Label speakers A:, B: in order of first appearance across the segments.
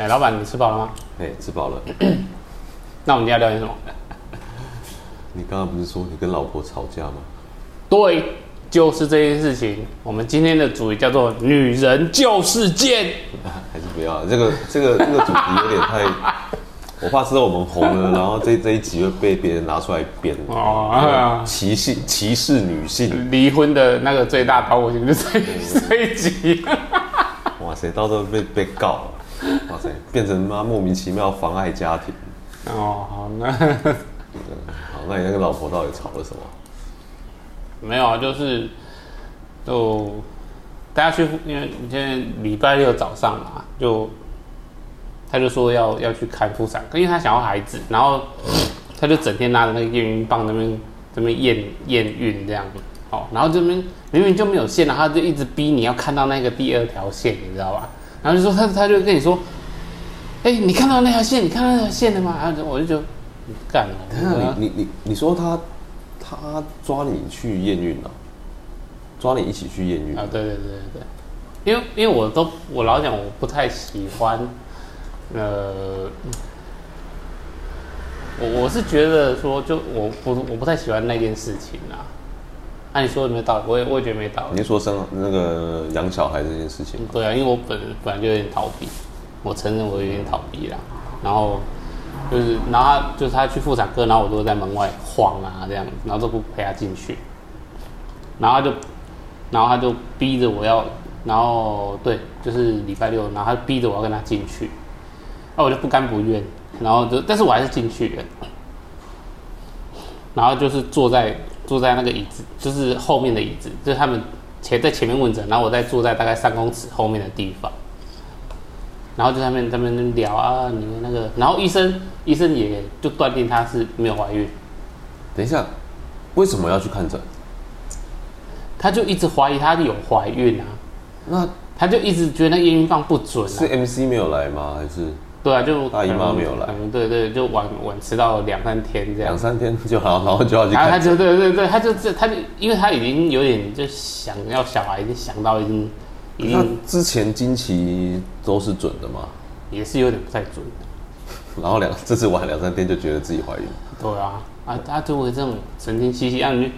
A: 哎、欸，老闆，你吃飽了嗎？哎、欸，吃飽了咳咳。那我們要聊點什麼？你
B: 剛剛不是說你跟老婆吵架嗎？
A: 對，就是這件事情。
B: 我們今天的主題叫做“女人就是
A: 賤”，
B: 還是不要這個這個這個主題有點太…… 我怕之後我們紅了，然後這這一集又被別人拿出來編哦、啊嗯，歧視歧視女性離婚的那個最大導火線就是這，對這一集。哇塞，到時候被被告。哇塞，變成媽莫名其妙妨礙家庭哦，
A: 好那、 嗯、
B: 好，那你那個老婆到底吵了什麼？
A: 沒有啊，就是就大家去，因為我們現在禮拜六早上嘛，就他就說要要去看婦產科，因為他想要孩子，然後他就整天拿著那個驗孕棒在那邊這邊驗驗孕這樣子哦，然後這邊明明就沒有線然後他就一直逼你要看到那個第二條線，你知道吧？然後就說他，他就跟你說：“哎、欸，你看到那條線，你看到那條線了嗎？”然後我就就，
B: 你幹了、啊。你你你你說他他抓你去驗孕了、啊，抓你一起去驗孕啊、啊？
A: 對對對對對，因為因為我都我老講我不太喜歡，呃，我我是覺得說就我不我不太喜歡那件事情啊。那、啊、你說有沒有道理，我也我也覺得沒道理。
B: 你說生那個養小孩這件事情？對啊，因為我本本來就有點逃避，我承認
A: 我有點逃避啦。然後就是，然後他就是他去婦產科，然後我都在門外晃，啊這樣，然後都不陪他進去。然後就，然後他就逼着我要，然後對，就是禮拜六，然後他逼着我要跟他進去。那我就不甘不願，然後就，但是我還是進去了。然後就是坐在。坐在那個椅子，就是後面的椅子，就是他們前在前面問診，然後我再坐在大概三公尺後面的地方，然後就他們他們聊啊，你們那個，然後醫生醫生也就斷定他是沒有懷孕。等一下，為什麼要去看診？他就一直懷疑他有懷孕啊，那他就一直覺得那驗孕棒不準啊。是 MC 沒有來嗎？還是？對啊，就大姨媽沒有來。嗯，對對，就晚晚遲到兩三天這樣。兩三天
B: 就好，然後就要去看。啊，他就
A: 對對對，他就這他，他就，因為他已經有點就想要小孩，已經想到已經。那
B: 之前經期都是準的嗎？
A: 也是有點不太準的。
B: 然後兩這次晚兩三天就覺得自己懷孕。
A: 對啊啊！他就會這種神經兮兮，讓你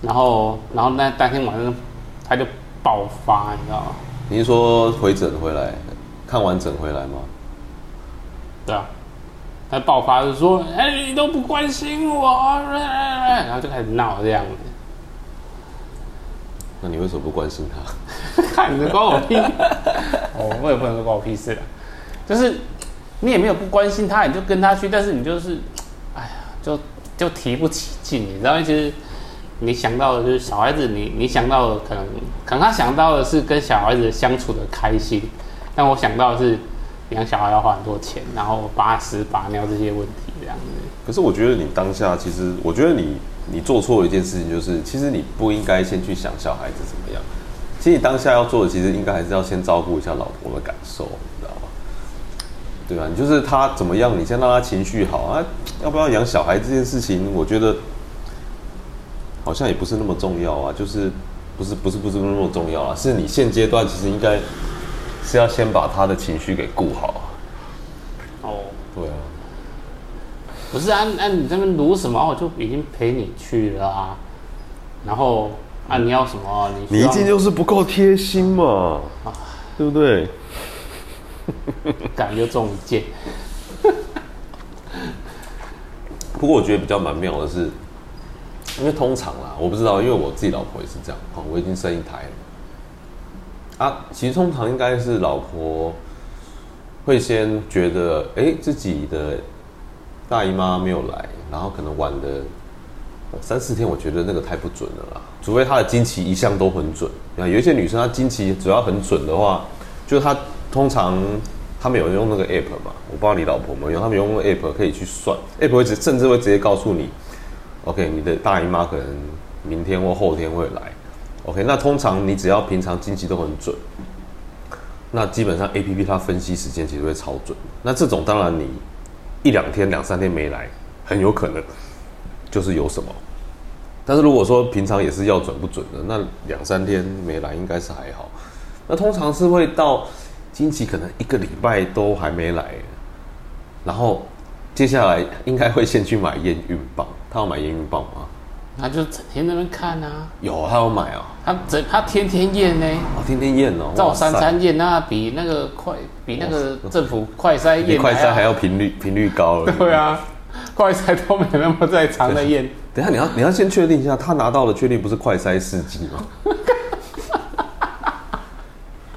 A: 然後然後然後那當天晚上他就爆發，你知道嗎？
B: 你說回診回來，看完診回來嗎？對啊，他爆發就說：“哎，
A: 欸，你都不關心我，欸，然後就開始鬧這樣子。
B: 那你為什麼不關心他？
A: 看你都關我屁！哦， 我，我也不能說關我屁事了。就是你也沒有不關心他，你就跟他去，但是你就是，哎呀，就就提不起勁，你知道？其實你想到的就是小孩子你，你你想到的可能，可能他想到的是跟小孩子相處的開心，但我想到的是。養小孩要花很多錢，然後拔屎拔尿這些問題這
B: 樣子。可是我覺得你當下其實，我覺得你你做錯了一件事情，就是其實你不應該先去想小孩子怎麼樣。其實你當下要做的，其實應該還是要先照顧一下老婆的感受，你知道嗎？對啊。你就是他怎麼樣，你先讓他情緒好啊。要不要養小孩這件事情，我覺得好像也不是那麼重要啊。就是不是不是不是那麼重要啊？是你現階段其實應該。是要先把他的情緒給顧好，哦，
A: 對啊，不是啊，那你這邊擼什麼？哦，就已經陪你去了啊，然後啊，你要什麼？你一定就是
B: 不夠貼心嘛，對不對？感覺中箭。不過我覺得比較蠻妙的是，因為通常啦，我不知道，因為我自己老婆也是這樣啊，我已經生一胎了。啊，其實通常應該是老婆會先覺得，哎、欸，自己的大姨媽沒有來，然後可能晚了三四天，我覺得那個太不準了啦，除非她的經期一向都很準。那、啊、有一些女生她經期只要很準的話，就是她通常他們有用那個 app 嘛，我不知道你老婆有沒有，他們用 app 可以去算，app 會直甚至會直接告訴你，OK，你的大姨媽可能明天或後天會來。OK，那通常你只要平常經期都很準，那基本上 APP 它分析時間其實會超準。那這種當然你一兩天、兩三天沒來，很有可能就是有什麼。但是如果說平常也是要準不準的，那兩三天沒來應該是還好。那通常是會到經期可能一個禮拜都還沒來，然後接下來應該會先去買驗孕棒。他要買驗孕棒嗎？
A: 那就整天在那看啊，
B: 有他有買哦、喔，
A: 他整他天天驗呢、欸，哦、啊、
B: 天天驗哦、喔，照三餐
A: 驗那塞比那個快比那個政府快篩驗，快篩還要
B: 頻率頻率高了有沒
A: 有？對啊，快篩都沒那麼再常的驗。
B: 等一下你要你要先確定一下，他拿到的確定不是快篩試劑嗎？哈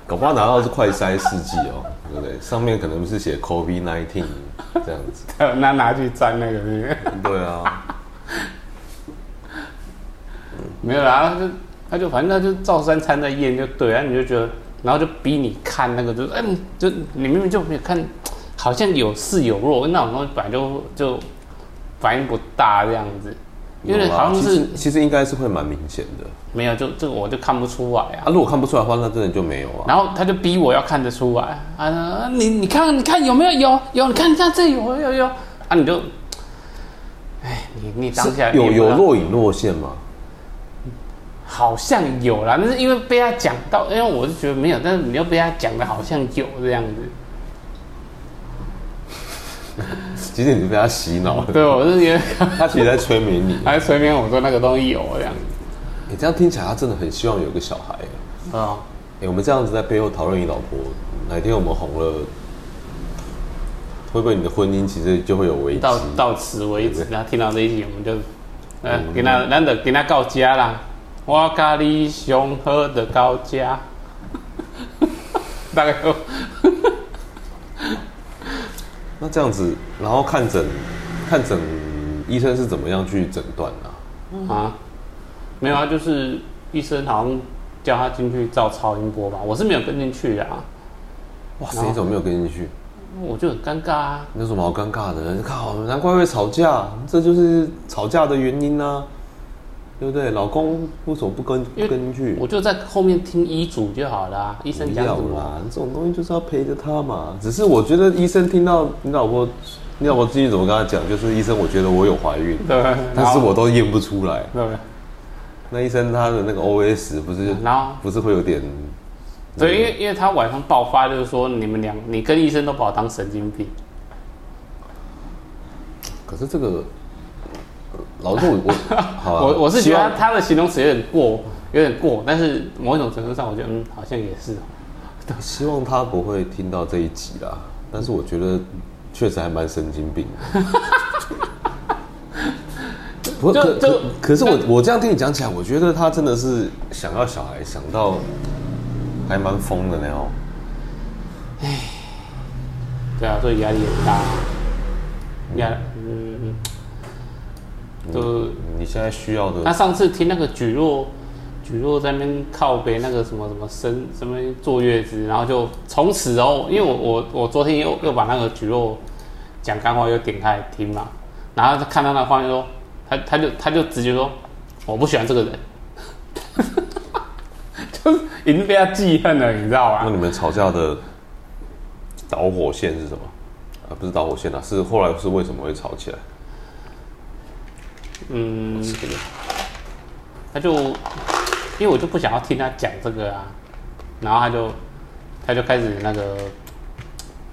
B: 恐怕拿到的是快篩試劑哦，對不對？上面可能是寫 COVID nineteen 這樣子，那拿去沾那個？對啊。
A: 沒有啦，他就他就反正他就照三餐在唸就對啊，你就覺得，然後就逼你看那個就，哎、就是，嗯，就你明明就沒有看，好像有是有弱那種東西，本來就就反應不大這樣子，
B: 因為好像是其實，其實應該是會蠻明顯的，
A: 沒有就這個我就看不出來啊，啊。如果看不出來的話，那真的就沒有啊。然後他就逼我要看得出來啊，你你看你看有沒有有有，你看你看這有有有啊，你就，哎，你你當下有，有有若
B: 隱若現嗎？
A: 好像有啦，那是因為被他講到，因為我是覺得沒有，但是你又被他講的，好像有這樣子。
B: 其實你是被他洗腦的，對，我是覺得他其實在催眠你、啊。他在催眠我說那個東西有這樣。你、嗯欸、這樣聽起來，他真的很希望有個小孩、啊。哦、嗯，哎、欸，我們這樣子在背後討論你老婆，哪一天我們紅了，會不會你的婚姻其實就會有危機？到到
A: 此為止，然後吧聽到這一集，我們就呃、
B: 嗯、給他，
A: 難得那給他告家啦。我教你上喝的高架
B: 大概家有。 那這樣子，然後看診，看診，醫生是怎麼樣去診斷呢？嗯、啊，沒有啊，就是醫生好像叫他進去照超音波吧，我是沒有跟進去啊。哇，誰後怎麼沒有跟進去？
A: 我就很尷尬
B: 啊。你有什麼好尷尬的呢？靠，難怪會吵架，這就是吵架的原因呢、啊。對不對？老公為什麼不根因為 不根據？我就在後面聽醫囑就好了、啊。啦醫生講什麼？這種東西就是要陪着他嘛。只是我覺得醫生聽到你老婆，你老婆最近怎麼跟他講？就是醫生，我覺得我有懷孕，但是我都驗不出來。對那醫生他的那個 OS 不是，不是會有點、那
A: 個？對，因為因為他晚上爆發，就是說你們兩，你跟醫生都把我當神經病。可是這個。老杜， 我我我是覺得他，他的形容詞有點過，望有點過，但是某一種程度上，我覺得嗯，好像也是。
B: 希望他不會聽到這一集啦，但是我覺得確實還蠻神經病的。不過這這可是我就我這樣聽你講起來，我覺得他真的是想要小孩，想到還蠻瘋的那種。哎，對啊，所以壓力也大。壓、嗯。就是你現在需要的。他上
A: 次聽那個蒟蒻，蒟蒻在那邊靠北那個什麼什麼生，什麼坐月子，然後就從此哦，因為我我我昨天又又把那個蒟蒻講幹話又點開聽嘛，然後就看到那畫面說，他他
B: 就他就直接說我不喜歡這個人， 就是已經被他記恨了，你知道吧？那你們吵架的導火線是什麼？啊，不是導火線啊，是後來是為什麼會吵起來？
A: 嗯，他就因為我就不想要聽他講這個啊，然後他就他就開始那個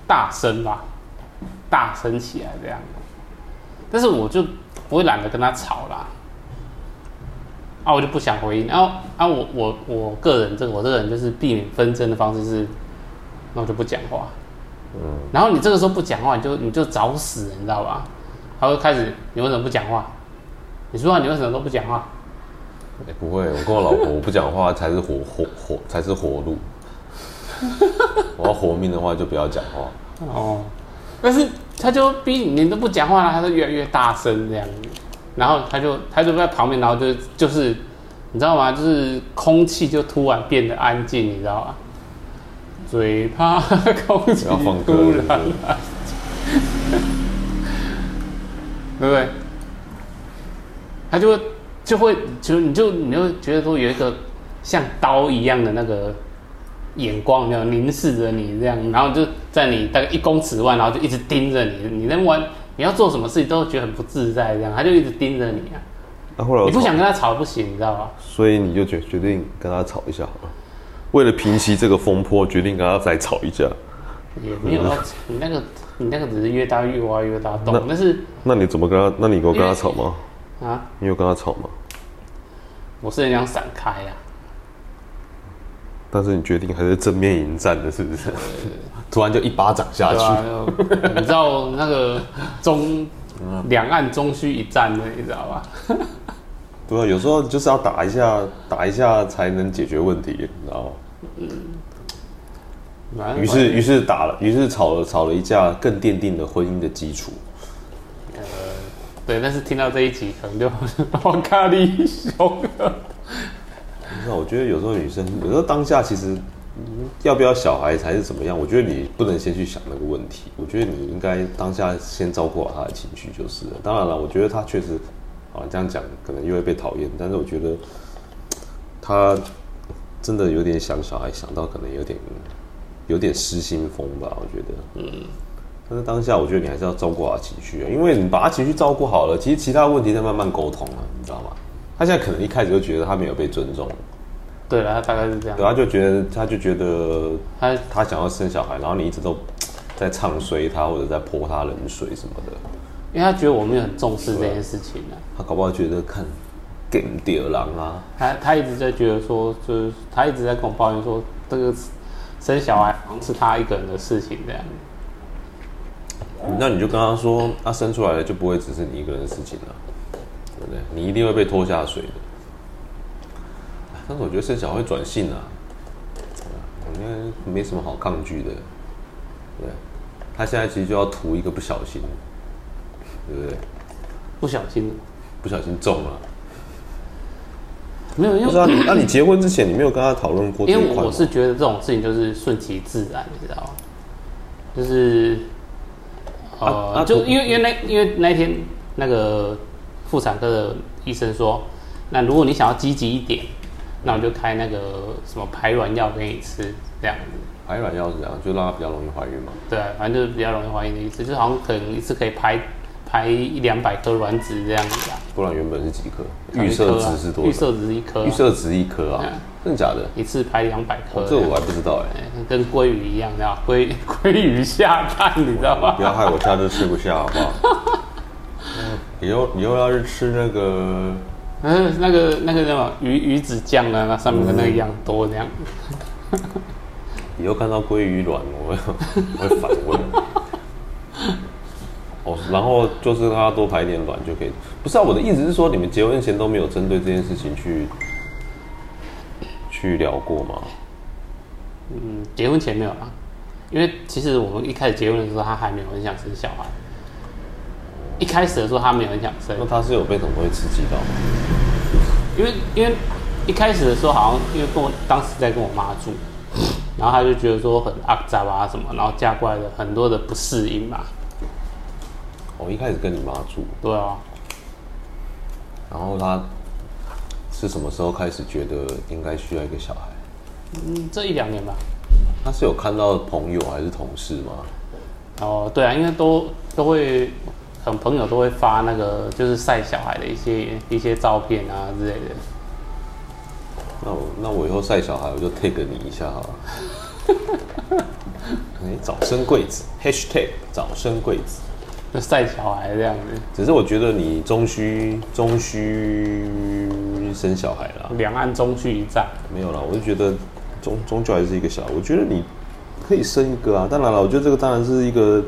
A: 大聲吧，大聲起來這樣。但是我就不會懶得跟他吵啦，啊，我就不想回應。然後啊，我我我個人，這個我這個人就是避免紛爭的方式是，那我就不講話。嗯，然後你這個時候不講話，你就你就找死，你知道吧？他就開始，你為什麼不講話？你說、啊、你為什麼都不講話、
B: 欸？不會，我跟我老婆，我不講話才是活 活活才是活路。我要活命的話，就不要講話。
A: 哦，但是他就逼你都不講話了、啊，他就越來越大聲這樣，然後他就他就在旁邊，然後就就是你知道嗎？就是空氣就突然變得安靜，你知道嗎？最怕
B: 空氣突然了， 對不
A: 對？他就會就會就你就你就覺得說有一個像刀一樣的那個眼光這樣凝視着你這樣，然後就在你大概一公尺外，然後就一直盯着你。你能玩，你要做什麼事情都會覺得很不自在這樣。他就一直盯着你啊，啊你不想跟他吵不行，你知道嗎？
B: 所以你就決決定跟他吵一下，為了平息這個風波，決定跟他再吵一架。
A: 也沒有，嗯、你那個你那個只是越大越挖越大洞，那但是
B: 那你怎麼跟他？那你跟我跟他吵嗎？啊！你有跟他吵嗎？
A: 我是很想閃開呀、啊嗯，
B: 但是你決定還是正面迎戰的，是不是？對對對，突然就一巴掌下去、啊。 你
A: 知道那個中兩、嗯、岸終須一戰的，你知道吧？
B: 對、啊，有時候就是要打一下，打一下才能解決問題，你知道嗎？嗯。
A: 於是，於是
B: 打了，於是吵了，吵了一架，更奠定了婚姻的基礎。
A: 對，但是聽到這一集可能就哇咖喱一兇
B: 了。不是，我覺得有時候女生，有時候當下其實、嗯、要不要小孩才是怎麼樣，我覺得你不能先去想那個問題。我覺得你應該當下先照顧好他的情緒就是。當然了，我覺得他確實好啊，這樣講可能又會被討厭，但是我覺得他真的有點想小孩，想到可能有點有點失心瘋吧？我覺得，嗯。但是當下，我覺得你還是要照顧好情緒啊，因為你把他情緒照顧好了，其實其他問題再慢慢溝通了啊，你知道嗎？他現在可能一開始就覺得他沒有被尊重，
A: 對了，他大概是這樣，對，他
B: 就覺得，他就覺得，他他想要生小孩，然後你一直都，在唱衰他或者在潑他冷水什麼的，因
A: 為他覺得我們也很重視這件事情啊，
B: 他搞不好覺得看，game 狼啊，
A: 他他一直在覺得說，就是他一直在跟我抱怨說，這個
B: 生小孩好像是他
A: 一個人的事情這樣。
B: 那你就跟他說，他、啊、生出來了就不會只是你一個人的事情了，對不對？你一定會被拖下水的。但是我覺得生小孩會轉性啊，我應該沒什麼好抗拒的。對，他現在其實就要圖一個不小心，對不對？不小心，不小心中了。沒有，用、啊。那你、， 啊、你結婚之前你沒有跟他討論過這，因為我是覺
A: 得這種事情就是順其自然，你知道嗎？就是。呃，就因為因為那，因為那天那個婦產科的醫生說，那如果你想要積極一點，那我就開那個什麼排卵藥給你吃這
B: 樣子。排卵藥是這樣，就讓它比較容易懷孕嘛。
A: 對啊，反正就是比較容易懷孕的意思，就好像可能一次可以排排一兩百顆卵子這樣
B: 子啊。不然原本是幾顆？預設值是多？預設值一顆？預設值一顆啊。嗯真的假的？一
A: 次排兩百
B: 顆這、哦、這我還不知道哎，欸欸，
A: 跟鮭魚一樣的，
B: 鮭鮭魚下蛋，你知道嗎？不要害我下次吃不下，好不好？ 嗯，以後以後要是吃那個，嗯，
A: 那個那個什麼魚魚子醬啊，那上面跟那個一樣多這樣。
B: 以後看到鮭魚卵，我會我會反胃。 哦，然後就是他多排一點卵就可以。不是啊，我的意思是說，你們結婚前都沒有針對這件事情去。有聊過嗎？嗯，
A: 結婚前沒有啊，因為其實我們一開始結婚的時候，他還沒有很想生小孩。一開始的時候，他沒有很想生。他是有被很多刺激到？因為因為一開始的時候，好像因為跟我當時在跟我媽住，然後他就覺得說很啊雜啊什麼，然後嫁過來的很多的不適應嘛。
B: 哦，一開始跟你媽住。對啊。然後他。是什麼時候開始覺得應該需要一個小孩？嗯，
A: 這一兩年吧。
B: 他是有看到朋友還是同事嗎？哦，對
A: 啊，應該都都會很朋友都會發那個就是曬小孩的一些
B: 一些照片啊之類的。那我那我以後曬小孩我就 tag 你一下好了。 欸、早生貴子，#hashtag# 早生貴子。就曬小孩這樣子，只是我覺得你終須終須生小孩啦。兩岸終須一戰。沒有了，我就覺得終終究還是一個小孩。我覺得你可以生一個啊。當然了，我覺得這個當然是一個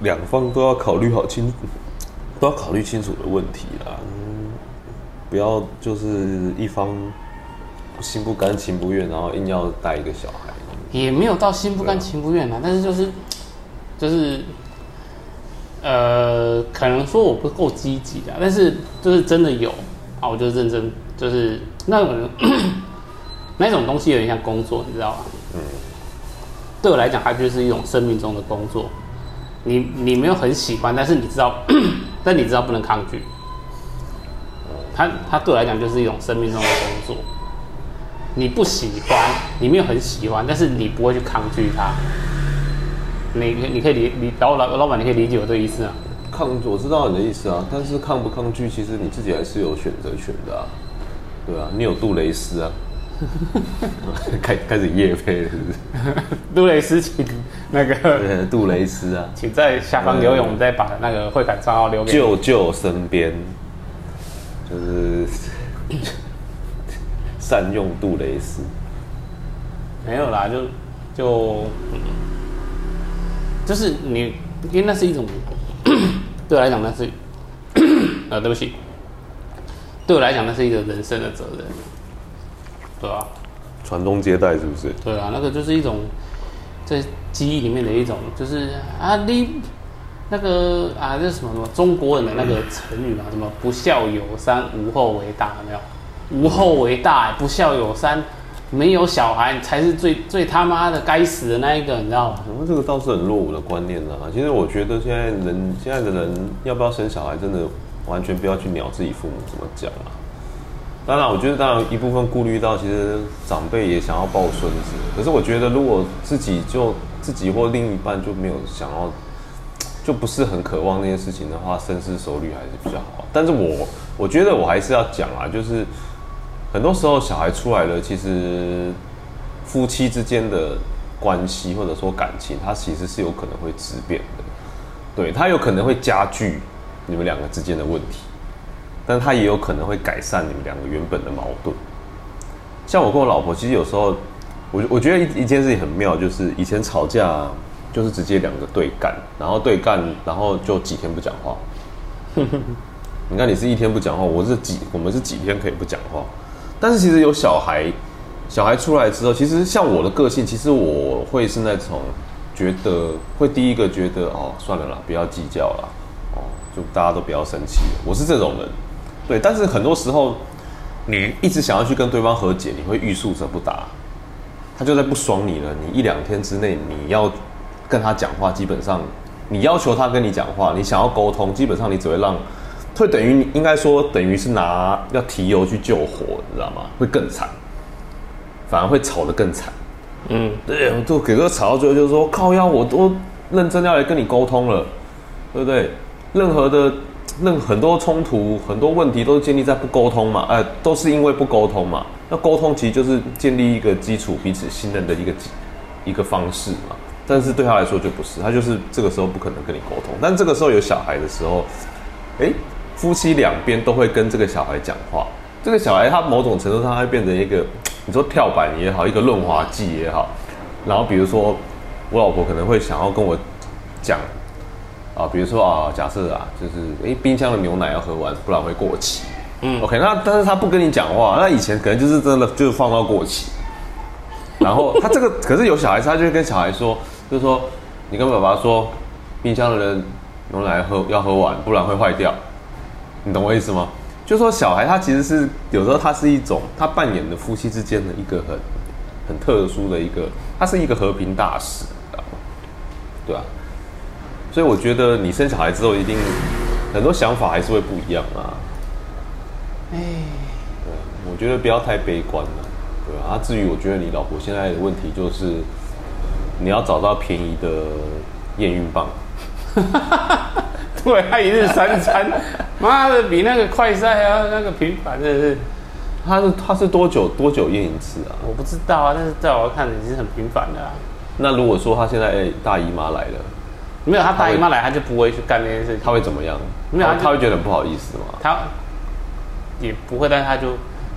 B: 兩方都要考慮好清楚，都要考慮清楚的問題啦，嗯。不要就是一方心不甘情不願，然後硬要帶一個小孩。也沒
A: 有到心不甘情不願啊，但是就是。就是，呃，可能說我不夠積極的，但是就是真的有啊，我就認真，就是那種那種東西有點像工作，你知道吧？對我來講，它就是一種生命中的工作。你你沒有很喜歡，但是你知道，咳咳但你知道不能抗拒。它它對我來講就是一種生命中的工作。你不喜歡，你沒有很喜歡，但是你不會去抗拒它。你你可以理你找我老老闆，你可以理解我這個意思啊？
B: 抗，我知道你的意思啊，但是抗不抗拒，其實你自己還是有選擇權的，啊。對吧、啊？你有杜蕾斯啊，開 開始業配了，是不是？ 杜蕾斯，請那個杜蕾斯啊，
A: 請在下方留言，我們、嗯、再把那個匯款賬號留給你。舅
B: 舅身邊就是 善用杜蕾斯，沒有啦，就就。
A: 就是你，因為那是一種，對我來講那是，啊，對不起，對我來講那，那是一個人生的責任，對吧？
B: 傳宗接代是不是？
A: 對啊，啊、那個就是一種在記憶裡面的一種，就是啊，你那個啊，這是什麼什麼中國人的那個成語嘛，啊？什麼不孝有三，無後為大，沒有？無後為大，欸，不孝有三。
B: 沒有小孩才是最最他媽的該死的那一個，你知道嗎？嗯，這個倒是很落伍的觀念啊。其實我覺得現在人，現在的人要不要生小孩，真的完全不要去鳥自己父母怎麼講啊。當然，我覺得當然一部分顧慮到，其實長輩也想要抱孫子。可是我覺得如果自己就自己或另一半就沒有想要，就不是很渴望那些事情的話，深思熟慮還是比較好。但是我我覺得我還是要講啊，就是。很多時候，小孩出來了，其實夫妻之間的關係或者說感情，它其實是有可能會質變的。對，它有可能會加劇你們兩個之間的問題，但它也有可能會改善你們兩個原本的矛盾。像我跟我老婆，其實有時候，我我覺得一一件事情很妙，就是以前吵架就是直接兩個對幹，然後對幹，然後就幾天不講話。哼哼 你看，你是一天不講話，我是幾我們是幾天可以不講話？但是其實有小孩，小孩出來之後，其實像我的個性，其實我會是那種覺得會第一個覺得哦，算了啦，不要計較啦，哦，就大家都不要生氣。我是這種人，對。但是很多時候，你一直想要去跟對方和解，你會欲速則不達。他就在不爽你了，你一兩天之內你要跟他講話，基本上你要求他跟你講話，你想要溝通，基本上你只會讓。會等於應該說等於是拿要提油去救火，你知道嗎？會更慘，反而會吵得更慘。嗯，對，就給哥吵到最後就是說，靠腰，要我都認真要來跟你溝通了，對不對？任何的任很多衝突、很多問題都是建立在不溝通嘛，哎、呃，都是因為不溝通嘛。那溝通其實就是建立一個基礎、彼此信任的一個一個方式嘛。但是對他來說就不是，他就是這個時候不可能跟你溝通。但這個時候有小孩的時候，哎。夫妻兩邊都會跟這個小孩講話，這個小孩他某種程度上他會變成一個，你說跳板也好，一個潤滑劑也好。然後比如說，我老婆可能會想要跟我講，啊，比如說啊，假設啊，就是誒冰箱的牛奶要喝完，不然會過期。嗯，OK，那但是他不跟你講話，那以前可能就是真的就是放到過期。然後他這個 可是有小孩，他就會跟小孩說，就是說，你跟爸爸說，冰箱的人牛奶喝要喝完，不然會壞掉。你懂我意思嗎？就是、說小孩他其實是有時候他是一種他扮演的夫妻之間的一個很很特殊的一個，他是一個和平大使，對吧、啊？所以我覺得你生小孩之後一定很多想法還是會不一樣啊。哎，對、啊，我覺得不要太悲觀了、啊，對吧？啊，至於我覺得你老婆現在的問題就是你要找到便宜的驗孕棒。
A: 對他一日三餐，
B: 媽的，比那個快篩還要那個頻繁，真的是。他是他是多久多久驗一次啊？我不知道啊，但是在我看，已經很頻繁的、啊、那如果說他現在、欸、大姨媽來了，沒有、嗯、他大姨媽來，他就不會去幹那些事。他會怎麼樣？沒有會，他會覺得很不好意思嗎？他
A: 也不會，但他就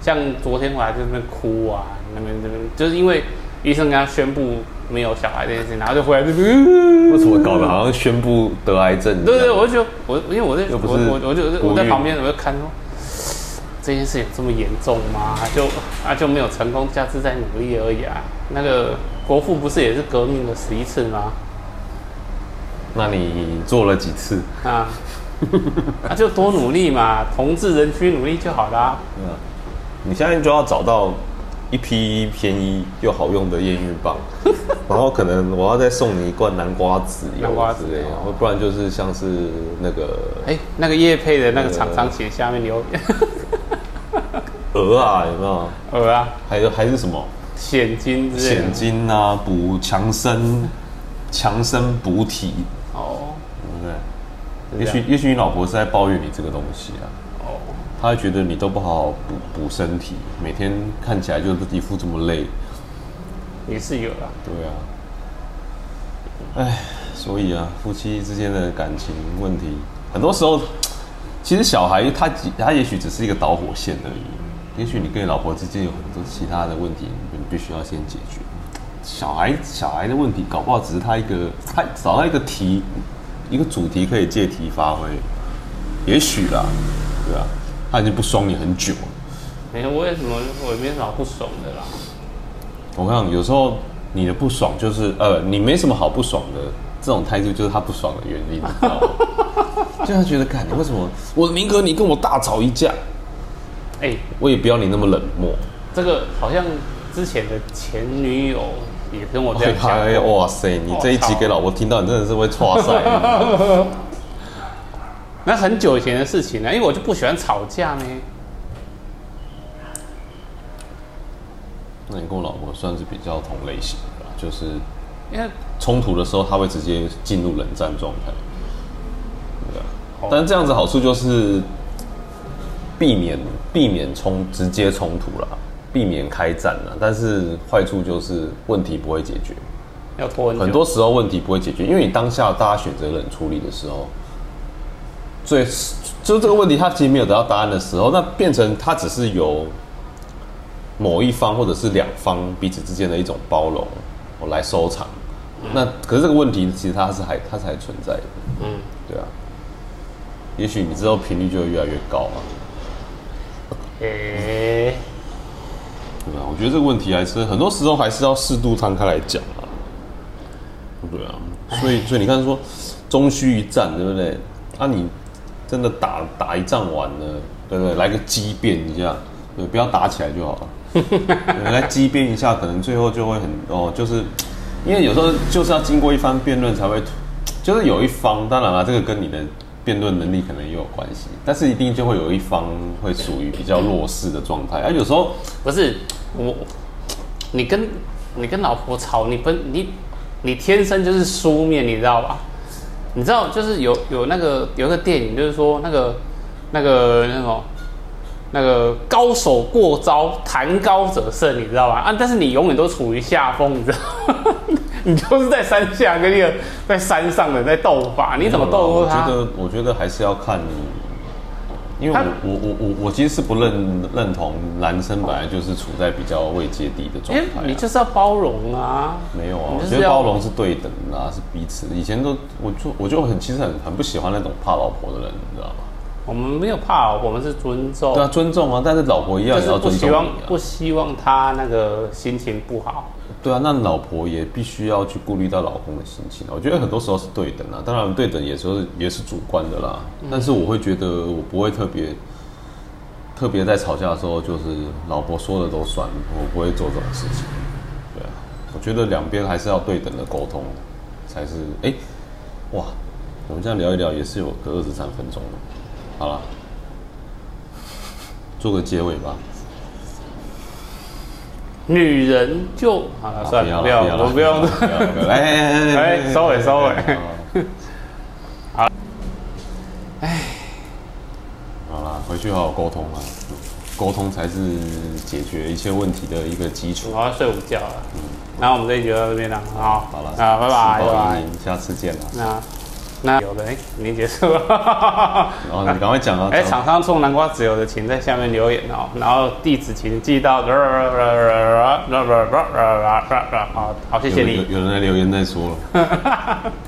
A: 像昨天我還就在那邊哭啊，那邊那邊，就是因為。醫生跟他宣布沒有小孩這件事，然後就回來就，
B: 為什麼搞得，好像宣布得癌症？對，對對，我
A: 就我，因為我在，不不我我我就我在旁邊，我就看說，這件事有這麼嚴重嗎？啊就啊就沒有成功，下次再努力而已啊。那個國父不是也是革命了十一次嗎？
B: 那你做了幾次
A: 啊？那、 啊、就多努力嘛，同志仍須努力就好
B: 了、啊。嗯，你現在就要找到。一批便宜又好用的驗孕棒， 然後可能我要再送你一罐南瓜籽，南瓜籽不然就是像是那個，
A: 哎、欸，那個業配的那個廠商寫下面留言，
B: 鵝啊、呃， 有沒有？鵝啊仔，還有還是什麼？蜆精？蜆精啊，補強身，強身補體哦，嗯、對也許？也許也許你老婆是在抱怨你這個東西啊。他覺得你都不好好補補身體，每天看起來就是一副這麼累，
A: 也是有
B: 了，對啊，哎，所以啊，夫妻之間的感情問題，很多時候，其實小孩他他也許只是一個導火線而已，也許你跟你老婆之間有很多其他的問題，你必須要先解決。小孩小孩的問題，搞不好只是他一個他找到一個題，一個主題可以借題發揮，也許啦，對啊。他已經不爽你很久。欸、我也
A: 什麼？我也沒什麼不爽的啦。
B: 我看，有時候你的不爽就是呃，你沒什麼好不爽的，這種態度就是他不爽的原因。你知道嗎 就他覺得，幹你為什麼？我寧可，你跟我大吵一架。
A: 欸，
B: 我也不要你那麼冷漠。這個好像之
A: 前的前女友也跟我這樣講過。欸欸。哇塞，你這一集給老
B: 婆塞聽到，你真的是會剉賽。 嗯
A: 那很久以前的事情呢、啊？因為我就不喜歡吵架呢。那你
B: 跟我老婆算是比較同類型的，就是因為衝突的時候，他會直接進入冷戰狀態為。對，但這樣子好處就是避免避免衝直接衝突了，避免開戰了。但是壞處就是問題不會解決，很，
A: 很多
B: 時候問題不會解決，因為你當下大家選擇冷處理的時候。所以就是這個問題，它其實沒有得到答案的時候，那變成它只是由某一方或者是兩方彼此之間的一種包容，我來收場。嗯、那可是這個問題，其實它是還它是還存在
A: 的。
B: 嗯，對啊。也許你之後頻率就會越來越高啊。
A: 哎、
B: 欸，對吧、啊？我覺得這個問題還是很多時候還是要適度攤開來講啊。對啊，所以所以你看說終須一戰，對不對？啊，你。真的打打一仗，完了，對不對，對？來個激辯一下，對，不要打起來就好
A: 了。來
B: 激辯一下，可能最後就會很哦，就是因為有時候就是要經過一番辯論才會，就是有一方，當然了，這個跟你的辯論能力可能也有關係，但是一定就會有一方會屬於比較弱勢的狀態。啊有時候不是
A: 我，你跟你跟老婆吵，你不你你天生就是輸面，你知道吧？你知道，就是有有那個有個電影，就是說那個那個那種那個高手過招，談高者勝，你知道吧？啊，但是你永遠都處於下風，你知道？ 你就是在山下跟那個在山上的在鬥法，你怎麼鬥過他？我覺
B: 得，我覺得還是要看你。因為我他我我我我其實是不認認同男生本來就是處在比較未接地的狀態，啊
A: 欸。你就是要包容啊！
B: 沒有啊，我覺得包容是對等的啊，是彼此。以前都，我就我就很其實很很不喜歡那種怕老婆的人，你知道嗎？我們沒有怕老婆，我
A: 們是尊重。對啊，
B: 尊重啊，但是老婆一樣。就是要尊重，啊。不希望
A: 不希望他那個心
B: 情不好。對啊，那老婆也必須要去顧慮到老公的心情。我覺得很多時候是對等啊，當然對等也是也是主觀的啦。但是我會覺得我不會特別特別在吵架的時候，就是老婆說的都算，我不會做這種事情。對啊，我覺得兩邊還是要對等的溝通才是。哎、欸，哇，我們這樣聊一聊也是有個二十三分鐘了，好了，做個結尾吧。女
A: 人就好了，算了，不要了，不要了。來來，收尾收尾。
B: 好。唉。好了，回去好好溝通了，溝通才是解決一切問題的一個基礎。我要睡
A: 午覺了。那我們這一集到這邊了，好。好了，好，拜拜，
B: 下次見了。
A: 啊。那有的哎，已經、欸、結束，
B: 了，然 後、哦、你趕快講啊！哎，廠、欸、
A: 商送南瓜籽，有的請在下面留言哦，然後地址請寄到。 好，好，謝謝你。有，有，
B: 有人留言再說了。